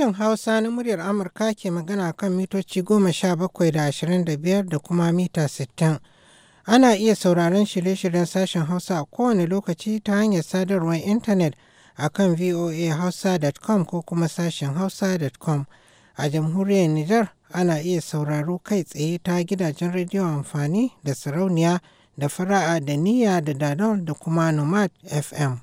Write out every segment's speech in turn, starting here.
Sashen Hausa na muryar Amurka ke magana kan mitoci goma sha bakwai da ashirin da biyar da kuma mita sittin. Ana iya sauraron shirye-shiryen sashen Hausa a kowane lokaci ta hanyar sadarwar intanet a kan voahausa.com ko kuma sashen hausa.com. A jamhuriyar Nijar ana iya sauraro kai tsaye ta gidajen rediyo amfani da sarauniya da fara'a da niyya da dadal da kuma nomad FM.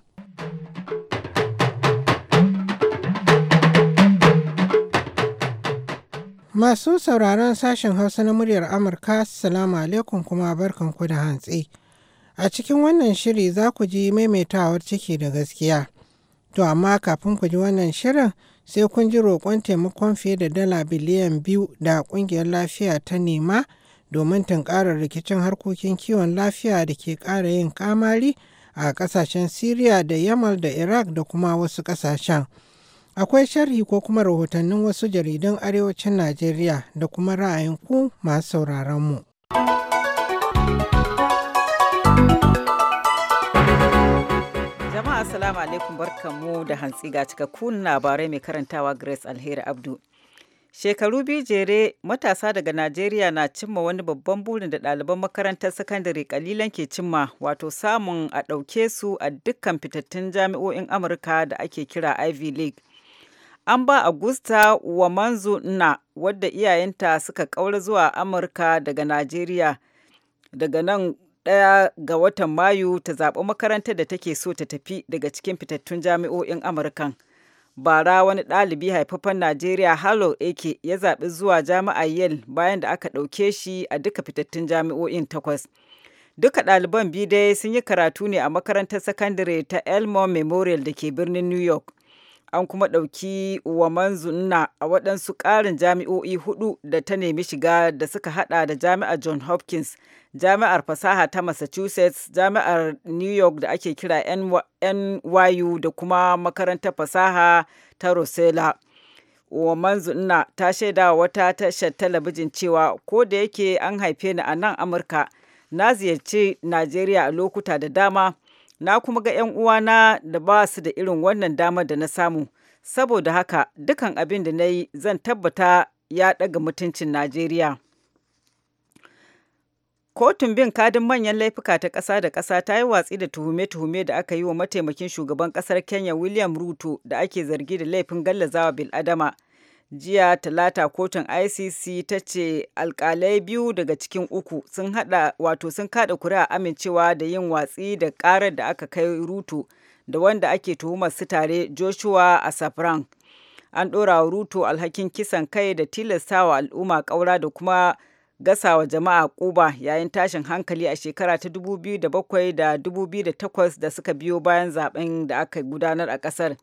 Masu sauraron sashen Hausa na muryar Amurka, Salamu alaikum kuma barkanku da hantsi. A cikin wannan shiri za ku ji maimaitawar ciki da gaskiya. To amma kafin ku ji wannan shirin sai kun ji roƙon taimakon fiye da dala biliyan biyu da ƙungiyar lafiya ta nema domin tunƙarar rikicin harkokin kiwon lafiya da ke ƙara yin kamari a ƙasashen Siriya da Yamal da Iraq da kuma wasu ƙasashen. Akwai sharhi ko kuma rahotannin wasu jaridun Arewacin Najeriya da kuma ra'ayin ku masu sauraron mu. Jama'a Assalamu alaikum barkanmu da hantsi ga cikakkun labarai mai karantawa Grace Alheri Abdu. Shekaru biyu jere matasa daga Najeriya na cimma wani babban burin da ɗaliban makarantar sakandare kalilan ke cimma wato samun a ɗauke su a dukkan fitattun jami'o'in Amurka da ake kira Ivy League An ba Augusta wa na wadda iyayenta suka ƙaura zuwa Amurka daga Najeriya daga nan ɗaya ga watan Mayu ta zaɓi makarantar da take so ta tafi daga cikin fitattun jami'o'in Amurkan. Bara wani ɗalibi haifafan Najeriya HALO Eke ya zaɓi zuwa jami'a Yale bayan da aka ɗauke shi a duka fitattun jami'o'in takwas. Duka ɗaliban biyu dai sun yi karatu ne a makarantar sakandare ta Elmore Memorial da ke birnin New York. an kuma ɗauki wa manzunna a waɗansu ƙarin jami'o'i hudu da ta nemi shiga da suka haɗa da jami'ar John Hopkins, jami'ar fasaha ta Massachusetts, jami'ar New York da ake kira NYU da kuma makarantar fasaha ta Rosella. zunna ta shaida wata tashar talabijin cewa ko da yake an haife ni a nan Amurka, na ziyarci Najeriya a lokuta da dama. na kuma ga 'yan uwana da ba su da irin wannan damar da na samu saboda haka dukan abin da na yi zan tabbata ya ɗaga mutuncin najeriya kotun bin kadin manyan laifuka ta ƙasa da ƙasa ta yi watsi da tuhume-tuhume da aka yi wa mataimakin shugaban ƙasar kenya william ruto da ake zargi da laifin gallazawa bil'adama jiya talata kotun icc ta ce alkalai biyu daga cikin uku sun hada wato sun kada kuri'a amincewa da yin watsi da karar da aka kai ruto da wanda ake tuhumar su tare joshua asafran an dora wa ruto alhakin kisan kai da tilastawa al'umma kaura da kuma gasawa jama'a kuba yayin tashin hankali a shekara ta 2007 da 2008 da suka biyo bayan zaben da aka gudanar a kasar.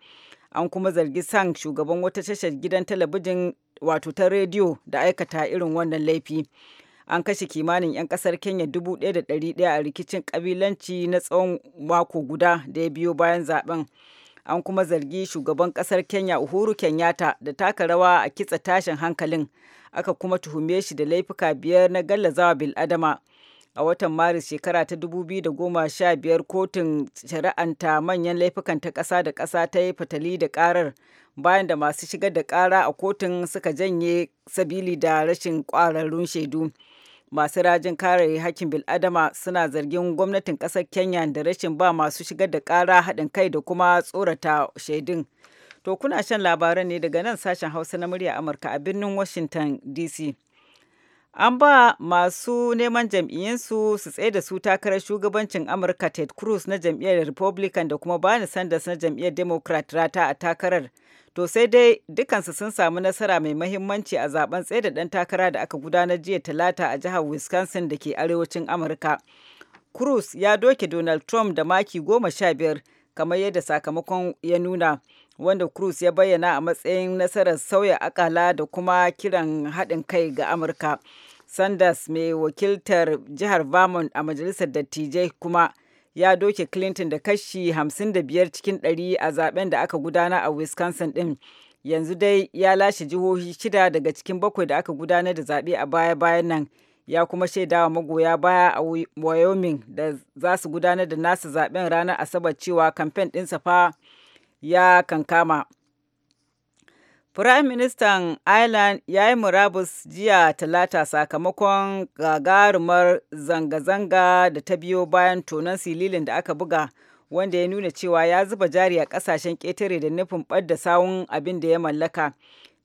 an kuma zargi sang shugaban wata tashar gidan talabijin wato ta rediyo da aikata irin wannan laifi an kashe kimanin 'yan kasar kenya 1,100 a rikicin kabilanci na tsawon mako guda da ya biyo bayan zaben an kuma zargi shugaban kasar kenya uhuru kenyatta da taka rawa a kitsa tashin hankalin aka kuma tuhume shi da laifuka biyar na gallazawa bil'adama adama a watan maris shekara ta 2015 kotun shari'anta manyan laifukan ta ƙasa da ƙasa ta yi fatali da ƙarar bayan da masu shigar da ƙara a kotun suka janye sabili da rashin ƙwararrun shaidu masu rajin kare hakkin bil'adama suna zargin gwamnatin ƙasar kenya da rashin ba masu shigar da ƙara haɗin kai da kuma tsorata shaidun to kuna shan labaran ne daga nan sashen hausa na murya amurka a birnin washington dc An ba masu neman jam'iyyansu su tsaye da su takarar shugabancin Amurka Ted Cruz na jam'iyyar Republican da kuma bani Sanders na jam'iyyar Democrat rata a takarar. To sai dai dukansu sun samu nasara mai mahimmanci a zaben tsaye da ɗan takara da aka gudanar jiya talata a jihar Wisconsin da ke arewacin Amurka. Cruz ya doke Donald Trump da maki goma sha biyar kamar yadda sakamakon ya nuna. wanda Cruz ya bayyana a matsayin nasarar sauya akala da kuma kiran haɗin kai ga Amurka. Sanders mai wakiltar jihar Vermont a majalisar dattijai kuma ya doke Clinton da kashi 55 cikin 100 a zaben da aka gudana a Wisconsin din. Yanzu dai ya lashe jihohi shida daga cikin bakwai da aka gudanar da zaɓe a baya-bayan nan ya kuma shaidawa magoya baya a Wyoming da za su gudanar da nasa zaben ranar Asabar cewa kamfen ɗinsa fa ya kankama. Firaministan Ireland ya yi murabus jiya Talata sakamakon gagarumar zanga-zanga da ta biyo bayan tonon sililin da aka buga wanda ya nuna cewa ya zuba jari a kasashen ƙetare da nufin ɓadda sawun abin da ya mallaka.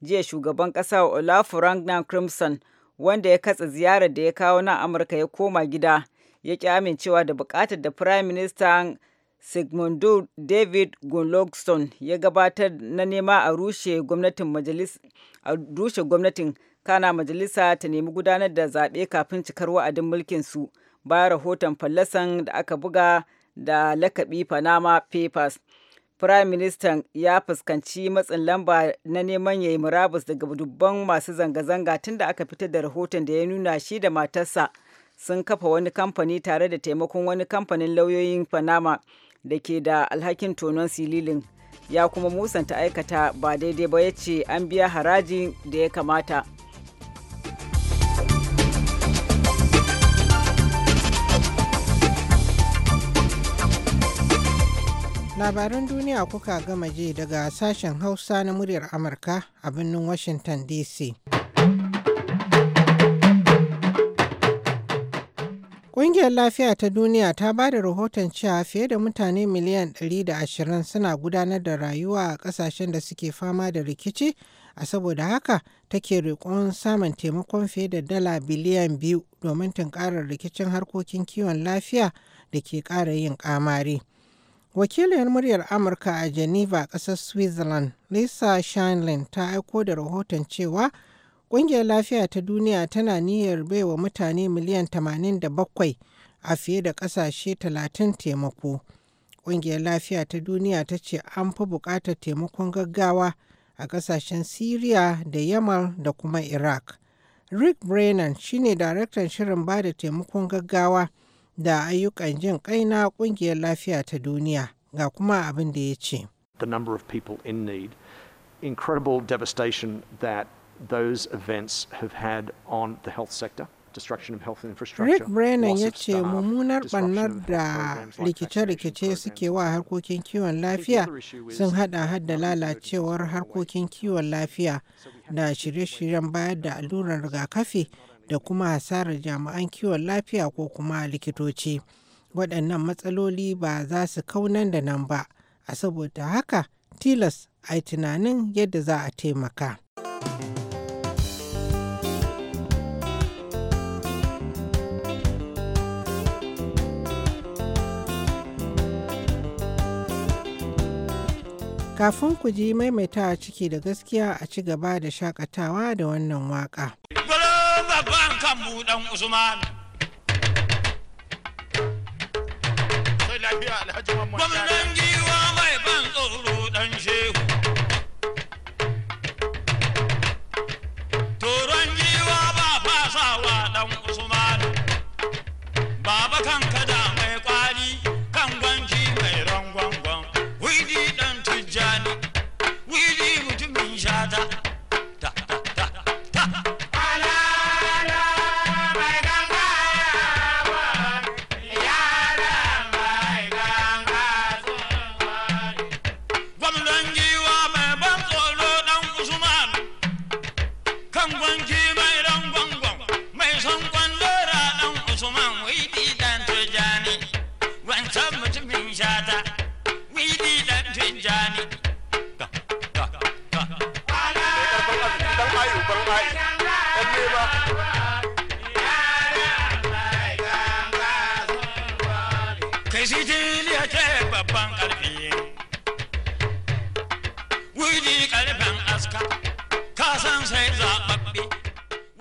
Jiya shugaban ƙasa Olaf Ragnar Crimson wanda ya katsa ziyarar da ya kawo nan Amurka ya koma gida ya ƙi amincewa da buƙatar da Firaministan sigmundu david gunlogson ya gabatar na nema a rushe gwamnatin kana majalisa ta nemi gudanar da zaɓe kafin cikar wa'adin mulkin su bayan rahoton fallasan da aka buga da lakabi panama papers Prime Minister ya fuskanci matsin lamba na neman yayi murabus daga dubban masu zanga-zanga tun da aka fitar da rahoton da ya nuna shi da matarsa sun kafa wani kamfani tare da taimakon wani kamfanin lauyoyin Panama da ke da alhakin tonon sililin ya kuma musanta aikata ba daidai ba ya ce an biya haraji da ya kamata labaran duniya kuka gama je daga sashen hausa na muryar amurka a birnin washington dc Ƙungiyar Lafiya ta Duniya ta ba da rahoton cewa fiye da mutane miliyan 120 suna gudanar da rayuwa a ƙasashen da suke fama da rikici, a saboda haka take riƙon samun taimakon fiye da dala biliyan biyu domin tunkarar rikicin harkokin kiwon lafiya da ke ƙara yin ƙamari. Wakiliyar muryar Amurka a Geneva, ƙasar Switzerland, Lisa Shanlin ta aiko da rahoton cewa Ƙungiyar Lafiya ta Duniya tana niyyar baiwa mutane miliyan 87 a fiye da ƙasashe 30 taimako. Ƙungiyar Lafiya ta Duniya ta ce an fi buƙatar taimakon gaggawa a ƙasashen Siriya da Yamal da kuma Iraq. Rick Brennan shine daraktan shirin ba da taimakon gaggawa da ayyukan jin kai na ƙungiyar lafiya ta duniya ga kuma abin da ya ce. The number of people in need, incredible devastation that those events have had on the health sector. Rick Brennan ya ce mummunar bannar da rikice-rikice suke wa harkokin kiwon lafiya sun hada hada lalacewar harkokin kiwon lafiya da shirye-shiryen bayar da allurar rigakafi da kuma hasarar jami'an kiwon lafiya ko kuma likitoci. Waɗannan matsaloli ba za su kaunan da nan ba, a saboda haka tilas a tunanin yadda za a taimaka. Kafin ku ji maimaita a ciki da gaskiya a ci gaba da shakatawa da wannan waka. Gwamnan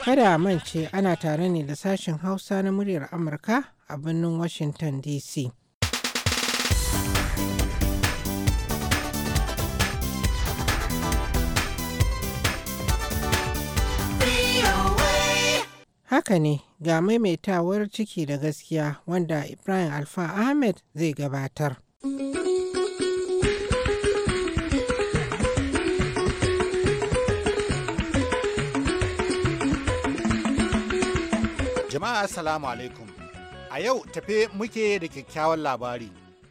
Kada mance ana tare ne da sashen Hausa na muryar Amurka a birnin Washington DC. Haka ne ga maimaitawar ciki da gaskiya wanda Ibrahim Alfa Ahmed zai gabatar. Mm -hmm. Jama'a salamu alaikum. A yau tafe muke da kyakkyawan labari.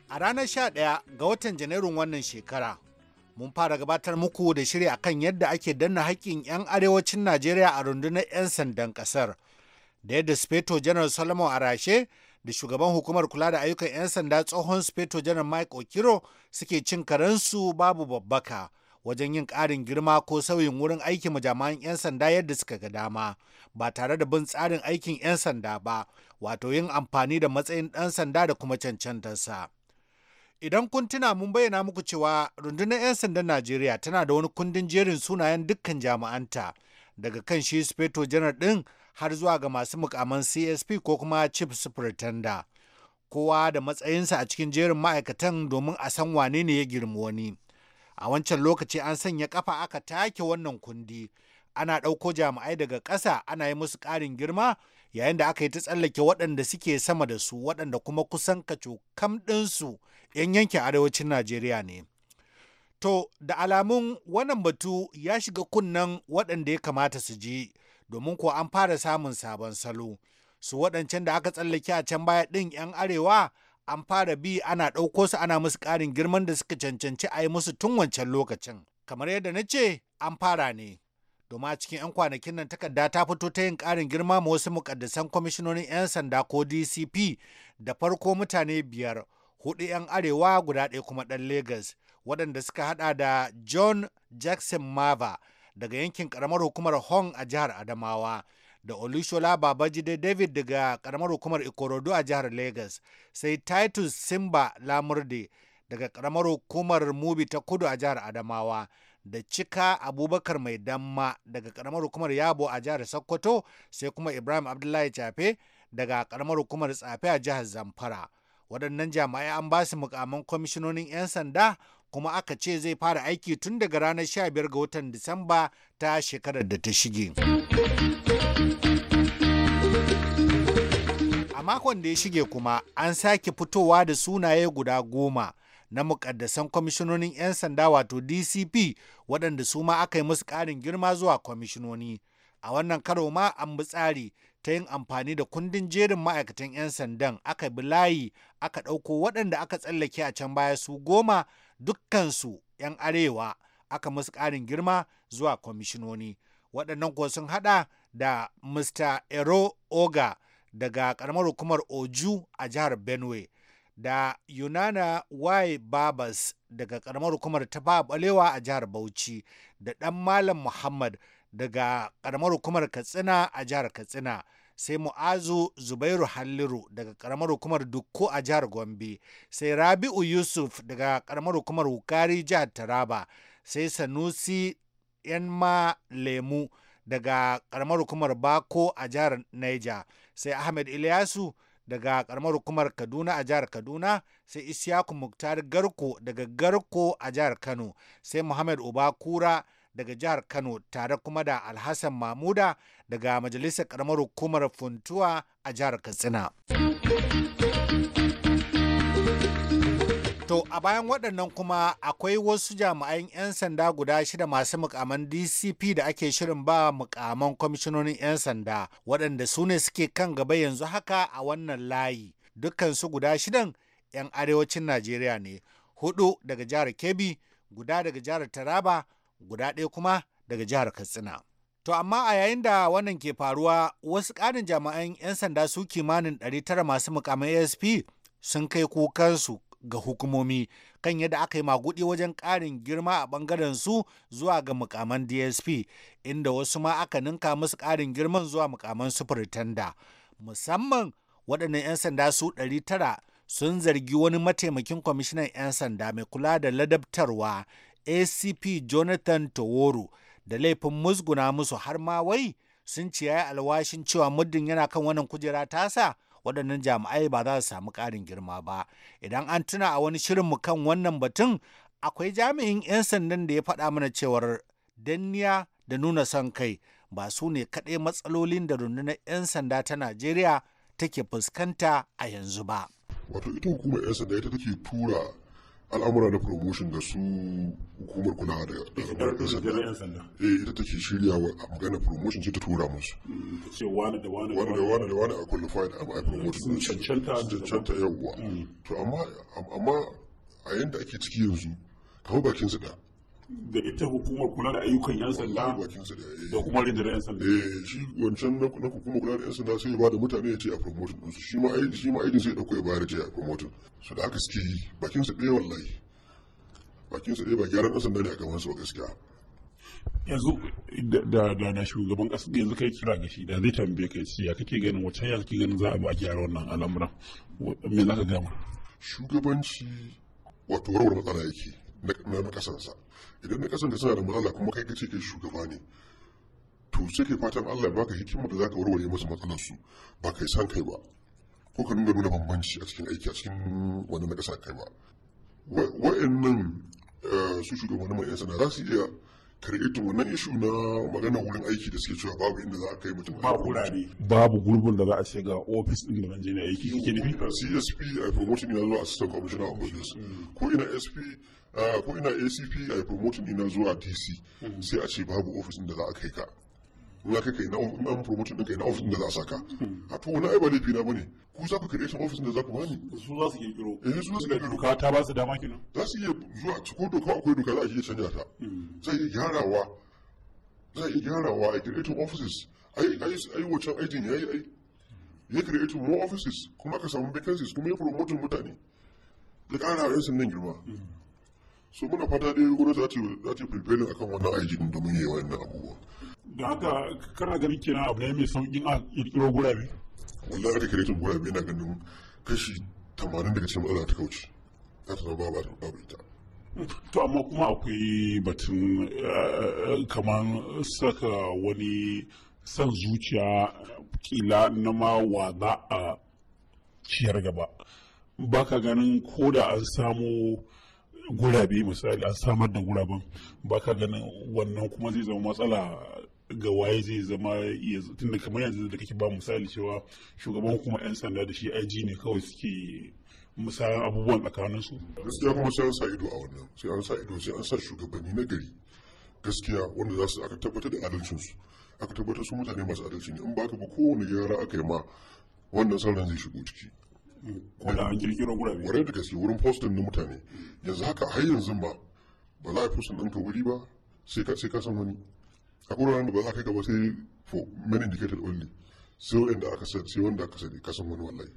A ranar 11 ga watan Janairun wannan shekara, mun fara gabatar muku da shiri akan yadda ake danna haƙƙin 'yan arewacin Najeriya a rundunar 'yan sandan ƙasar. Da yadda Speto General Solomon Arashe da shugaban hukumar kula da ayyukan 'yan sanda tsohon Speto Janar Mike Okiro suke cin karensu babu babbaka. wajen yin ƙarin girma ko sauyin wurin aiki ma 'yan sanda yadda suka ga dama ba tare da bin tsarin aikin 'yan sanda ba wato yin amfani da matsayin ɗan sanda da kuma cancantarsa. Idan kun tuna mun bayyana muku cewa rundunar 'yan sandan Najeriya tana da wani kundin jerin sunayen dukkan jami'anta daga kan shi speto janar din har zuwa ga masu mukaman CSP ko kuma chief superintendent. Kowa da matsayinsa a cikin jerin ma'aikatan domin a san wane ne ya girmi wani. a wancan lokaci an sanya kafa aka take wannan kundi ana ɗauko jami'ai daga ƙasa ana yi musu ƙarin girma yayin da aka yi ta tsallake waɗanda suke sama da su waɗanda kuma kusan kam ɗinsu 'yan yankin arewacin najeriya ne to da alamun wannan batu ya shiga kunnen waɗanda ya kamata su je domin kuwa an fara samun sabon salo su waɗancan da aka tsallake a can baya ɗin 'yan arewa an fara bi ana ɗauko su ana musu ƙarin girman da suka cancanci a yi musu tun wancan lokacin kamar yadda na ce an fara ne domin a cikin 'yan kwanakin nan takarda ta fito ta yin ƙarin girma ma wasu mukaddasan kwamishinonin 'yan sanda ko dcp da farko mutane biyar hudu 'yan arewa guda ɗaya kuma ɗan Legas, waɗanda suka haɗa da John Jackson Mava daga yankin ƙaramar hukumar Hong a jihar Adamawa da Olushola Babajide David daga karamar hukumar Ikorodu a jihar Lagos, sai Titus Simba Lamurde daga karamar hukumar Mubi ta Kudu a jihar Adamawa, da Cika Abubakar Mai Damma daga karamar hukumar Yabo a jihar Sokoto, sai kuma Ibrahim Abdullahi Chafe daga karamar hukumar Tsafe a jihar Zamfara. Waɗannan jami'ai an ba su mukamin kwamishinonin 'yan sanda kuma aka ce zai fara aiki tun daga ranar 15 ga watan Disamba ta shekarar da ta shige. A makon da ya shige kuma an sake fitowa da sunaye guda goma na mukaddasan kwamishinonin 'yan sanda wato DCP waɗanda su ma aka yi musu ƙarin girma zuwa kwamishinoni. A wannan karo ma an bi tsari ta yin amfani da kundin jerin ma'aikatan 'yan sandan aka bi layi aka ɗauko waɗanda aka tsallake a can baya su goma dukkansu 'yan arewa aka musu ƙarin girma zuwa kwamishinoni waɗannan kuwa sun haɗa da mr ero oga daga ƙaramar hukumar oju a jihar benue da yunana y babas daga ƙaramar hukumar tafa balewa a jihar bauchi da ɗan malam muhammad daga ƙaramar hukumar katsina a jihar katsina sai mu'azu zubairu halliru daga karamar hukumar dukko a jihar gombe sai rabi'u yusuf daga karamar hukumar wukari jihar taraba sai sanusi yanma lemu daga karamar hukumar bako a jihar naija sai ahmed ilyasu daga karamar hukumar kaduna a jihar kaduna sai isyaku muktar garko daga garko a jihar kano sai muhammad uba daga jihar Kano tare kuma da Alhassan Mamuda daga Majalisar Karamar Hukumar Funtuwa a jihar Katsina. To a bayan waɗannan kuma akwai wasu jami'an 'yan sanda guda shida masu mukaman DCP da ake shirin ba mukaman kwamishinonin 'yan sanda waɗanda su ne suke kan gaba yanzu haka a wannan layi. Dukkansu guda shidan 'yan arewacin Najeriya ne, hudu daga jihar Kebbi, guda daga jihar Taraba, guda ɗaya kuma daga jihar katsina to amma a yayin da wannan ke faruwa wasu ƙarin jami'an 'yan sanda su kimanin 900 masu mukamai asp sun kai kukansu ga hukumomi kan yadda aka yi magudi wajen ƙarin girma a ɓangaren su zuwa ga mukaman dsp inda wasu ma aka ninka musu ƙarin girman zuwa mukaman sufuritanda musamman waɗannan 'yan sanda su 900 sun zargi wani mataimakin kwamishinan 'yan sanda mai kula da ladabtarwa acp jonathan toworo da laifin musguna musu har ma wai sun ciyayi yayi alwashin cewa muddin yana kan wannan kujera tasa waɗannan jami'ai ba za su samu ƙarin girma ba idan an tuna a wani shirin shirinmu kan wannan batun akwai jami'in 'yan sandan da ya faɗa mana cewar danniya da nuna son kai ba su ne kaɗai matsalolin da rundunar 'yan sanda ta najeriya take fuskanta a yanzu ba wato ita hukumar 'yan sanda ita take tura al'amura na promotion da su hukumar kula da al'amuran ɗan sanda eh ita take shirya wa magana promotion ce ta tura musu mm, ce wani da wani wani da wani da wani a qualified a promotion sun cancanta sun cancanta yawwa mm. to amma amma a yanda ake ciki yanzu kawo bakin su da da ita hukumar kula da ayyukan yan sanda eh. da kuma rundunar yan sanda eh shi wancan na hukumar kula da yan sanda sai ya bada mutane ya ce a promotion din su shi ma aidi shi ma aidin sai ya dauko ya bayar ce a promotion su da haka suke yi bakin su ɗaya wallahi bakin su ɗaya ba gyaran yan sanda ne a gaban su gaskiya yanzu da da na shugaban kasa yanzu kai kira ga shi da zai tambaye kai ya kake ganin wacce ya kake ganin za a ba gyara wannan al'amuran me za ka gama shugabanci wato warware matsala yake na kasansa idan na kasance suna da matsala kuma kai kace ke shugaba ne to sai ke fatan Allah ya baka hikimar da zaka warware musu matsalar su ba kai san kai ba ko ka nuna nuna bambanci a cikin aiki a cikin wani na kasa kai ba wa'annan eh, su shugabannin mai yan sana za su iya creating wannan ishu na magana wurin aiki da suke cewa babu inda za a kai mutum babu wurare babu gurbin da za a shiga ga ofis din da Najeriya yake yake nufi CSP a promotion ina zuwa assistant commissioner of police mm. ko ina SP ah, ko ina ACP a promotion ina zuwa DC mm. sai a ce babu ofis din da za a kai ka ya kai kai na an promote promotion kai na ofis da za a saka hmm. a to wani ai ba laifi na bane ku za ku creation ofis da za ku bani su za su kirkiro eh su za su kirkiro doka ta ba su dama kenan za su iya zuwa ko doka akwai doka za a iya canja ta hmm. zai iya gyarawa zai iya gyarawa a creating offices ai ai ai wancan aikin yayi ai ya creating more offices kuma aka samu vacancies kuma ya promote mutane ya ƙara yan nan girma hmm. so muna fata dai gwamnati za ta yi fulfilling akan wannan aikin domin yayi wannan abubuwan da haka kana ganin kenan abu ne mai sauƙin a ƙirƙiro gurabe wallahi aka kare tun gurabe na ganin kashi tamanin daga cikin matsala ta kauce ta ta ba ba babu ita to amma kuma akwai batun eh, kamar saka wani san zuciya kila na ma wa za a ciyar gaba ba ka ganin ko da an samu gurabe misali an samar da guraben ba ka ganin wannan kuma zai zama matsala ga waye zai zama ya tun da kamar yanzu da kake ba misali cewa shugaban hukumar 'yan sanda da shi IG ne kawai suke misalan abubuwan tsakanin su. Gaskiya kuma sai an sa ido a wannan sai an sa ido sai an sa shugabanni na gari gaskiya wanda za su aka tabbatar da adalcinsu aka tabbatar su mutane masu adalci ne in ba ka ba kowane gyara aka yi ma wannan sauran zai shigo ciki. kuma an kirkiro gurabe. wurin da gaske wurin postin na mutane yanzu haka har yanzu ba ba za a sun ɗinka wuri ba sai ka san wani. a wuraren da ba za ka gaba sai for men indicated only sai wanda aka sani sai wanda aka sani kasan wani wallahi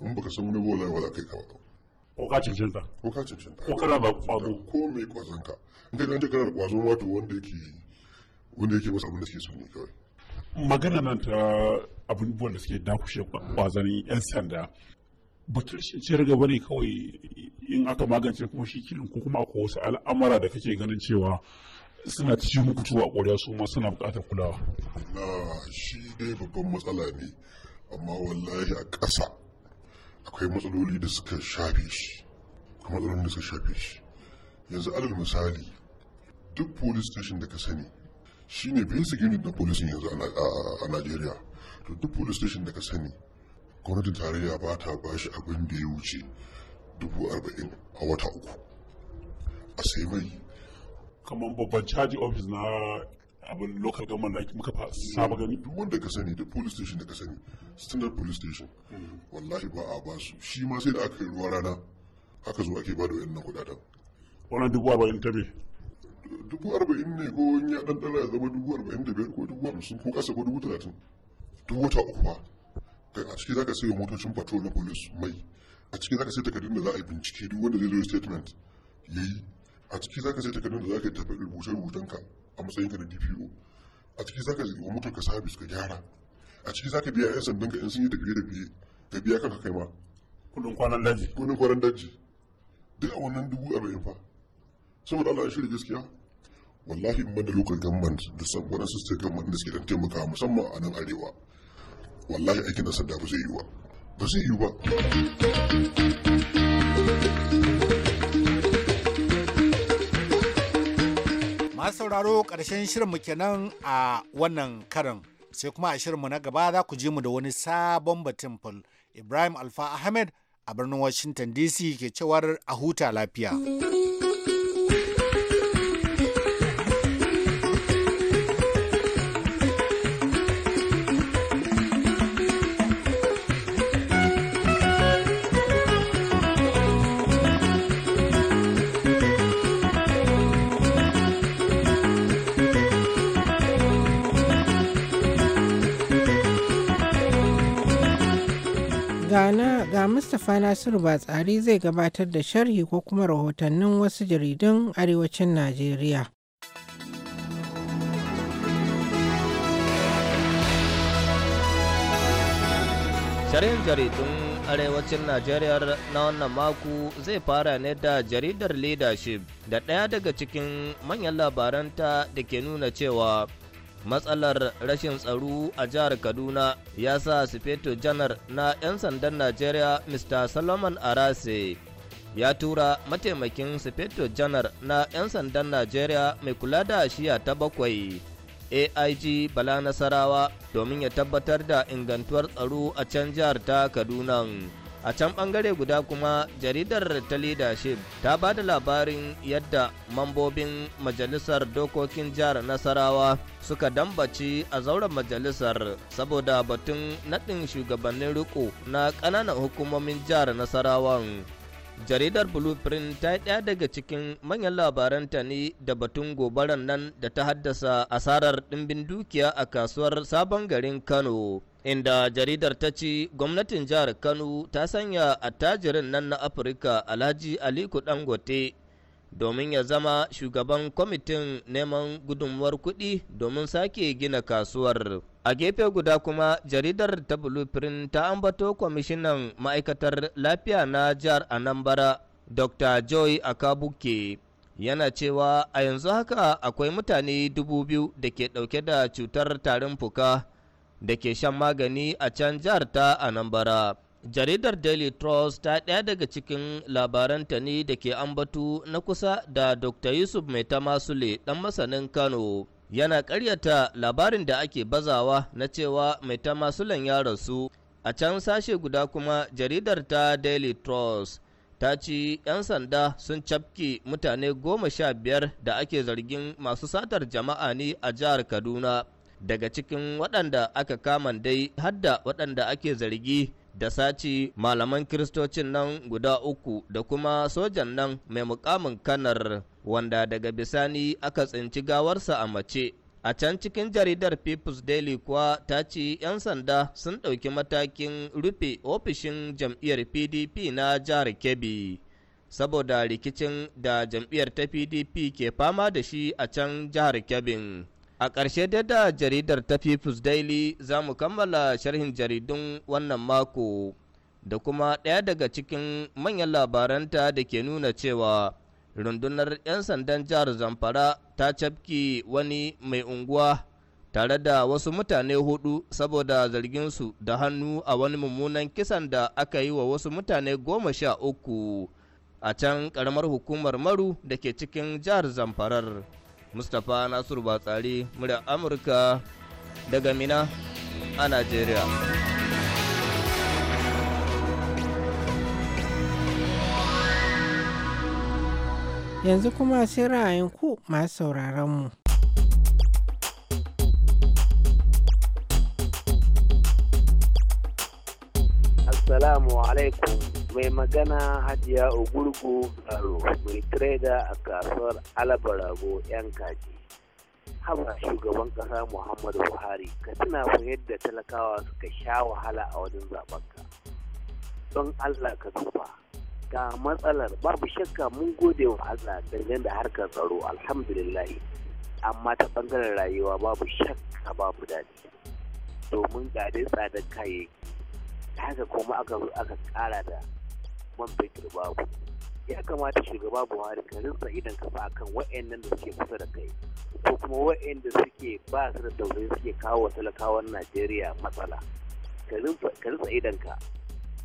in baka san wani wallahi ba za ka yi kama ko ka cancanta ko ka cancanta ko kana ba kwazo ko mai kwazon ka in ka ganta kana da kwazo wato wanda yake wanda yake masa abin da suke so kawai magana nan ta abubuwan da suke dakushe kwazon yan sanda batun shi gaba ne kawai in aka magance kuma shi kilin ko kuma akwai wasu al'amura da kake ganin cewa suna ci muku a ƙwarya su ma suna buƙatar kulawa na shi dai babban matsala ne amma wallahi a ƙasa akwai matsaloli da suka shafe shi akwai matsalolin da suka shafe shi yanzu alal misali duk police station da ka sani shine basic unit na polisin yanzu a Najeriya to duk police station da ka sani gwamnatin tarayya ba ta ba shi abin da ya wuce dubu arba'in a wata uku a sai mai kamar babban caji ofis na abin local government da muka saba gani duk wanda ka sani da police station da ka sani standard police station mm-hmm. wallahi ba a ba su shi ma sai da aka yi ruwa rana aka zo ake ba da wayannan kudaden wannan dubu arba'in ta me dubu arba'in ne ko in ya dan dala ya zama dubu arba'in da biyar ko dubu hamsin ko kasa ko dubu talatin duk wata uku ba kai a ciki zaka sayo motocin patrol na police mai a ciki zaka sai takardun da za a yi bincike duk wanda zai zo statement yayi a ciki zaka sai takardar da zaka tafi rubuce rubutan ka a matsayin ka na DPO a ciki zaka yi wa motar ka sabis ka gyara a ciki zaka biya yan sandan ka in sun yi tafiye biye. ka biya kanka kai ma kudin kwanan daji kudin kwanan daji duk a wannan dubu arba'in fa saboda Allah ya shirya gaskiya wallahi in banda local government da sabon state government da suke dan taimaka musamman a nan arewa wallahi aikin da sadda ba zai yi ba ba zai yi ba sauraro ƙarshen shirinmu kenan a wannan karin sai kuma a shirin mu na gaba za ku ji mu da wani sabon batun ful ibrahim alfa ahmed a birnin washington dc ke cewar a huta lafiya. rana ga Mustapha Nasiru ba tsari zai gabatar da sharhi ko kuma rahotannin wasu jaridun Arewacin Najeriya. Sharhin jaridun Arewacin Najeriya na wannan mako zai fara ne da jaridar leadership da ɗaya daga cikin manyan labaranta da ke nuna cewa matsalar rashin tsaro a jihar kaduna ya sa sufeto janar na 'yan sandan najeriya mr solomon arase ya tura mataimakin sufeto janar na 'yan sandan najeriya mai kula da shiya ta bakwai aig bala nasarawa domin ya tabbatar da ingantuwar tsaro a can jihar ta kaduna a can bangare guda kuma jaridar ta leadership ta ba da labarin yadda mambobin majalisar dokokin jihar nasarawa suka dambaci a zauren majalisar saboda batun naɗin shugabannin riko na ƙananan hukumomin jihar Nasarawa. jaridar blueprint ta yi ɗaya daga cikin manyan labaranta ne da batun gobaran nan da ta haddasa asarar ɗimbin dukiya a kasuwar sabon garin kano inda jaridar ta ce gwamnatin jihar kano ta sanya attajirin nan na afirka alhaji aliko dangote domin ya zama shugaban kwamitin neman gudunmuwar kuɗi domin sake gina kasuwar a gefe guda kuma jaridar ta blueprint ta ambato kwamishinan ma'aikatar lafiya na jihar anambra dr joy akabuke yana cewa a yanzu haka akwai mutane dubu biyu da ke ɗauke da cutar tarin fuka da ke shan magani a can jihar ta anambra jaridar daily trust ta ɗaya daga cikin labaranta ne da ke ambatu na kusa da dr yusuf mai tamasule ɗan masanin kano yana ƙaryata labarin da ake bazawa na cewa mai tamasulen ya rasu a can sashe guda kuma jaridar ta daily trust ta ci 'yan sanda sun cafke mutane goma sha biyar da ake zargin masu satar jama'a ne a jihar kaduna daga cikin waɗanda aka kama dai hadda waɗanda ake zargi da saci malaman kiristocin nan guda uku da kuma sojan nan mai mukamin kanar wanda daga bisani aka tsinci gawarsa a mace a can cikin jaridar people's daily kuwa ta ce 'yan sanda sun ɗauki matakin rufe ofishin jam'iyyar pdp na jihar kebbi saboda rikicin da jam'iyyar ta pdp ke fama da shi a can jihar Kebbi. A ƙarshe dai da jaridar ta People's Daily za mu kammala sharhin jaridun wannan mako da kuma ɗaya daga cikin manyan labaranta da ke nuna cewa rundunar 'yan sandan jihar Zamfara ta cafki wani mai unguwa tare da wasu mutane hudu saboda zarginsu da hannu a wani mummunan kisan da aka yi wa wasu mutane goma sha uku a can ƙaramar hukumar Maru da ke cikin jihar Zamfarar. mustapha nasiru batsari murya amurka daga mina a najeriya yanzu kuma sai ra'ayin ku masu sauraron mu Assalamu alaikum mai magana hajiya ogurgu tsaro mai kreda a kasuwar alabarago yan kaji haba shugaban kasa muhammadu buhari ka tuna fa yadda talakawa suka sha wahala a wajen zaɓenka don allah ka duba ga matsalar babu shakka mun gode wa allah dangane da harkar tsaro alhamdulillah amma ta bangaren rayuwa babu shakka babu daɗi domin ga dai tsadar kayayyaki haka kuma aka ƙara da man fetur babu ya kamata shugaba buhari ka rinsa idan ka fa kan wa'annan da suke kusa da kai ko kuma wa'anda suke ba su da tausayi suke kawo wa talakawan najeriya matsala ka rinsa idan ka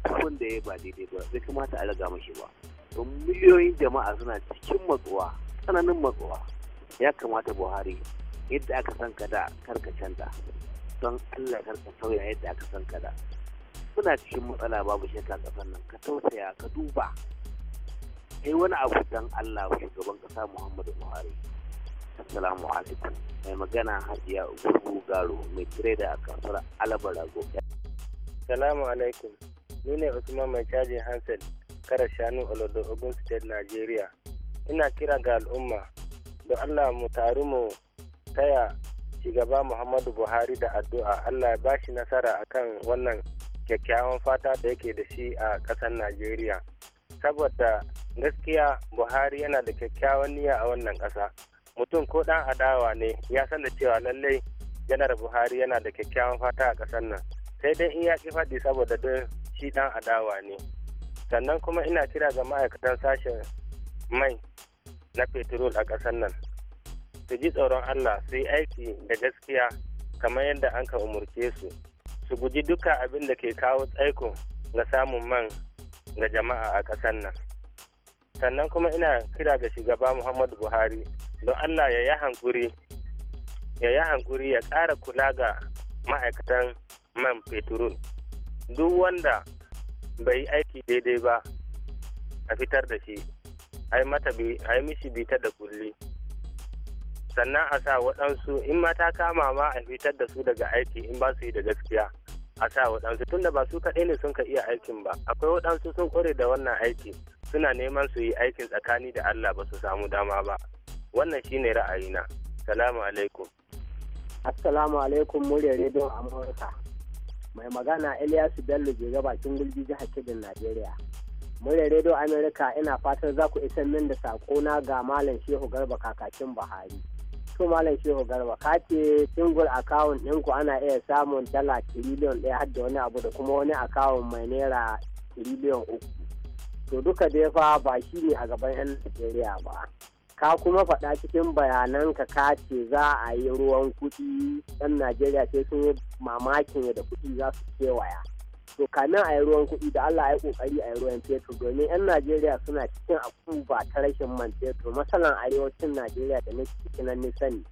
abin da ya ba daidai ba sai kamata a raga mashi ba don miliyoyin jama'a suna cikin matsuwa tsananin matsuwa ya kamata buhari yadda aka san ka da karka canta don allah karka sauya yadda aka san ka da suna cikin matsala babu shakka kasar nan ka tausaya ka duba kai wani abu dan Allah shugaban kasa Muhammadu Buhari Assalamu alaikum mai magana Hajiya Ugu Garo mai tireda a Alabara Albarago Assalamu alaikum ni ne Usman mai cajin Hansel kara shanu Olodo Ogun State Nigeria ina kira ga al'umma da Allah mu taru mu taya shugaba Muhammadu Buhari da addu'a Allah ya bashi nasara akan wannan kyakkyawan fata da yake da shi a ƙasar najeriya saboda gaskiya buhari yana da kyakkyawan niyya a wannan ƙasa mutum ko ɗan adawa ne ya san da cewa lallai janar buhari yana da kyakkyawan fata a ƙasar nan sai dai in ya ƙi faɗi saboda don shi ɗan adawa ne sannan kuma ina kira ga ma'aikatan sashen mai na feturol a ƙasar nan su ji tsoron allah su yi aiki da gaskiya kamar yadda an ka umurce su su guji duka abin da ke kawo tsaiko ga samun man ga jama'a a ƙasar nan sannan kuma ina kira ga shugaba muhammadu buhari don allah ya yi hankuri ya yi hankuri ya ƙara kula ga ma'aikatan man feturul duk wanda bai yi aiki daidai ba a fitar da shi a yi mishi bitar da kulli sannan a sa waɗansu in mata kama ma a fitar da su daga aiki in ba su yi da gaskiya a sa waɗansu tunda ba su kaɗai ne sun ka iya aikin ba akwai waɗansu sun ƙware da wannan aiki suna neman su yi aikin tsakani da Allah ba su samu dama ba wannan shine ra'ayina salamu alaikum assalamu alaikum muryar rediyon amurka mai magana Ilyasu Bello Jega bakin gulbi jihar Kebbi Najeriya. Muryar redo Amurka ina fatan za ku isar min da na ga Malam Shehu Garba kakakin Buhari. to malam shehu garba ka ce single account ɗinku ana iya samun dala tiriliyon ɗaya hadda wani abu da kuma wani account mai naira tiriliyon uku to duka dai fa ba shi ne a gaban 'yan najeriya ba ka kuma faɗa cikin bayanan ka ce za a yi ruwan kuɗi 'yan najeriya sai sun yi mamakin da kuɗi za su kewaya to kamin a yi ruwan kuɗi da Allah ya kokari a yi ruwan fetur domin 'yan Najeriya suna cikin akuba ta rashin man fetur masalan arewacin Najeriya da na cikin nisani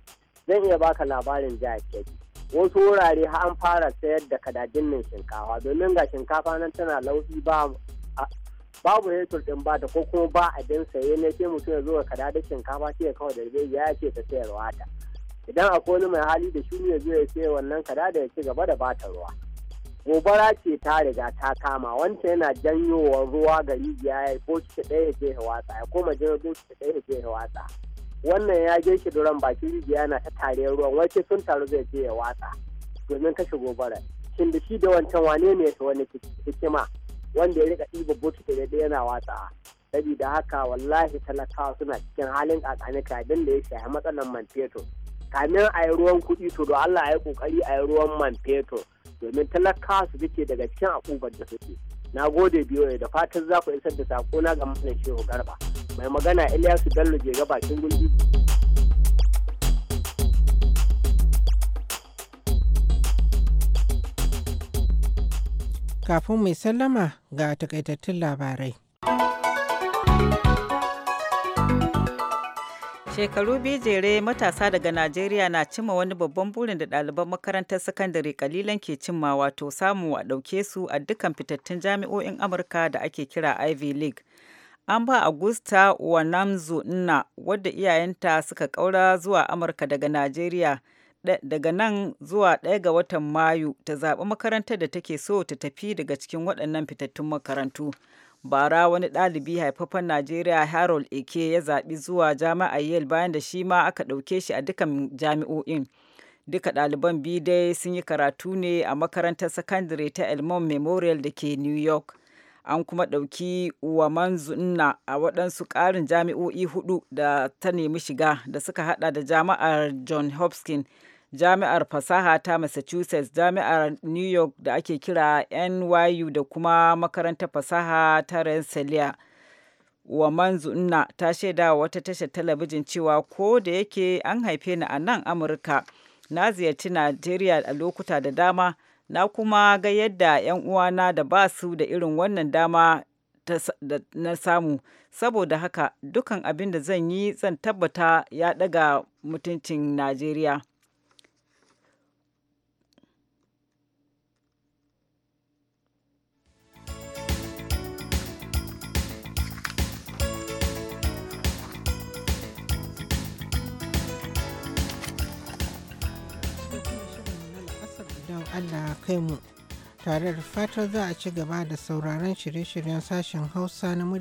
zan iya baka labarin jiya Kebbi wasu wurare har an fara sayar da kadajin shinkafa domin ga shinkafa nan tana lauki ba babu fetur din ba da ko kuma ba din saye ne sai mutum ya zo ga kadadin shinkafa sai ya kawai da ya ce ta sayarwa ta idan akwai wani mai hali da shi ne zai ya wannan kada da ya ci gaba da bata ruwa gobara ce ta riga ta kama wancan yana janyowa ruwa ga rigiya ya bokiti ɗaya ya je ya watsa ya koma janyo bokiti ɗaya ya je ya watsa wannan ya je shi duran baki rijiya na ta tare ruwan wace sun taru zai je ya watsa domin kashe gobara shin da shi da wancan wane ne ya wani hikima wanda ya rika ɗiba da daidai yana watsa sabida haka wallahi talakawa suna cikin halin kakanika abin da ya shafi matsalar man fetur kamin a yi ruwan kuɗi to do Allah ya yi kokari a yi ruwan man fetur domin talaka su fice daga cikin akubar da suke na gode biyo da fatan za ku isar da sako na ga malam shehu garba mai magana Ilyasu Bello je ga bakin gundi kafin mai sallama ga takaitattun labarai Shekaru biyu jere matasa daga Najeriya na cimma wani babban burin da ɗaliban makarantar sakandare kalilan ke cimma wato samu a ɗauke su a dukkan fitattun jami'o'in Amurka da ake kira Ivy League. An ba Augusta Wanamzu Nna wadda iyayenta suka ƙaura zuwa Amurka daga Najeriya daga nan zuwa ɗaya ga watan Mayu ta zaɓi makarantar da take so ta tafi daga cikin waɗannan fitattun makarantu. bara wani ɗalibi haifafan najeriya harold eke ya zaɓi zuwa jami'ar yale bayan da shi ma aka ɗauke shi a dukan jami'o'in duka ɗaliban biyu dai sun yi karatu ne a makarantar sakandare ta elmont memorial da ke new york an kuma ɗauki manzuna a waɗansu ƙarin jami'o'i hudu da ta nemi shiga da suka hada da jami'ar john hopkins jami'ar fasaha ta massachusetts jami'ar new york da ake kira nyu da kuma makarantar fasaha ta rensselaer wa manzunna ta shaida wata tashar talabijin cewa ko da yake an haife ni a nan amurka na ziyarci najeriya a lokuta da dama na kuma ga yadda 'yan uwana da ba su da irin wannan dama na samu saboda haka dukan abin da zan yi zan tabbata ya daga mutuncin najeriya Allah kai mu. Tare da fatar za a ci gaba da sauraron shirye-shiryen sashen Hausa na